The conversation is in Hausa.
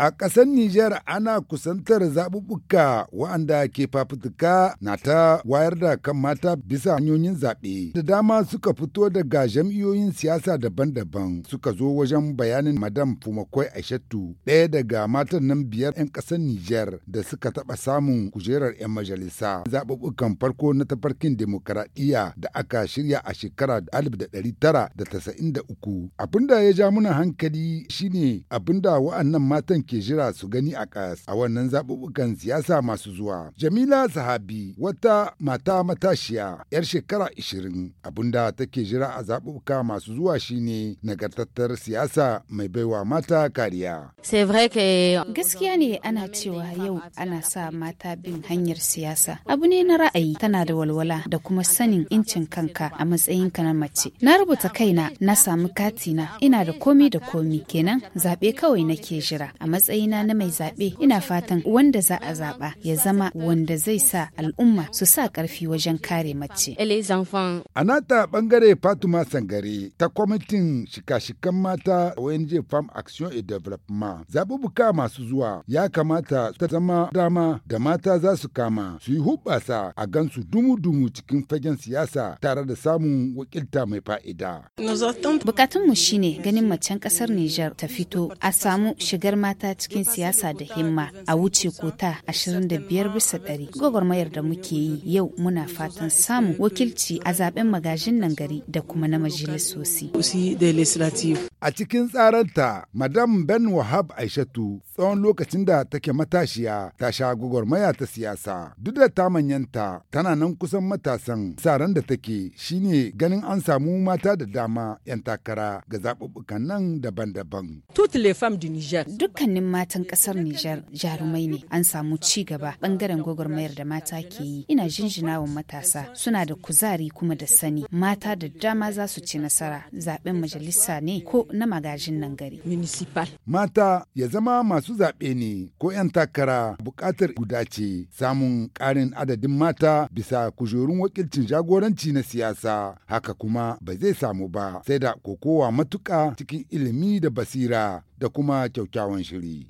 A ƙasar Nijar ana kusantar zaɓuɓɓuka waɗanda ke fafutuka na ta wayar da kan mata bisa hanyoyin zaɓe. Da dama suka fito daga jam'iyyoyin siyasa daban-daban suka zo wajen bayanin Madam Fumakwai Aishatu ɗaya daga matan nan biyar 'yan ƙasar Nijar da suka taɓa samun kujerar 'yan majalisa. Zaɓuɓɓukan farko na tafarkin demokaraɗiyya da aka shirya a shekara alif 1993. Abin da ya ja muna hankali shine abin da wa'annan matan ke jira su gani a kas a wannan zaɓuɓɓukan siyasa masu zuwa. Jamila zahabi wata mata matashiya 'yar shekara 20 abinda take jira a zaɓuɓɓuka masu zuwa shine nagartattar siyasa mai baiwa mata kariya. Gaskiya ne ana cewa yau ana sa mata bin hanyar siyasa. Abu ne na ra'ayi tana da walwala da kuma sanin incin kanka a matsayin ka na mace. Na rubuta kaina na samu katina ina da komi da komi kenan zaɓe kawai nake jira. A matsayina na mai zaɓe ina fatan wanda za a zaɓa ya zama wanda zai sa al'umma su sa ƙarfi wajen kare mace. A nata ɓangare Fatuma Sangare ta kwamitin shika-shikan mata ONG Farm Action and Development zaɓuɓɓuka masu zuwa ya kamata ta zama dama da mata za su kama su yi hubbasa a gansu dumu-dumu cikin fagen siyasa tare da samun wakilta mai fa'ida. Bukatunmu shine ganin macen ƙasar Nijar ta fito a samu shigar mata mata cikin siyasa da himma a wuce kota 25 bisa ɗari. Gwagwarmayar da muke yi yau muna fatan samun wakilci a zaben magajin nan gari da kuma na majalisosi. A cikin tsaranta, Madam Ben Wahab Aishatu tsawon lokacin da take matashiya ta sha gwagwarmaya ta siyasa. Duk da ta manyanta tana nan kusan matasan tsaron da take shine ganin an samu mata da dama 'yan takara ga zaɓuɓɓukan nan daban-daban. Dukkan dukkanin matan kasar Nijar jarumai ne an samu ci gaba bangaren gwagwarmayar da mata ke yi ina jinjina wa matasa suna da kuzari kuma da sani mata da dama za su ci nasara zaben majalisa ne ko na magajin nan gari. Mata ya zama masu zaɓe ne ko 'yan takara buƙatar guda ce samun ƙarin adadin mata bisa kujerun wakilcin jagoranci na siyasa haka kuma ba zai samu ba sai da kokowa matuƙa cikin ilimi da basira da kuma kyaukyawan shiri.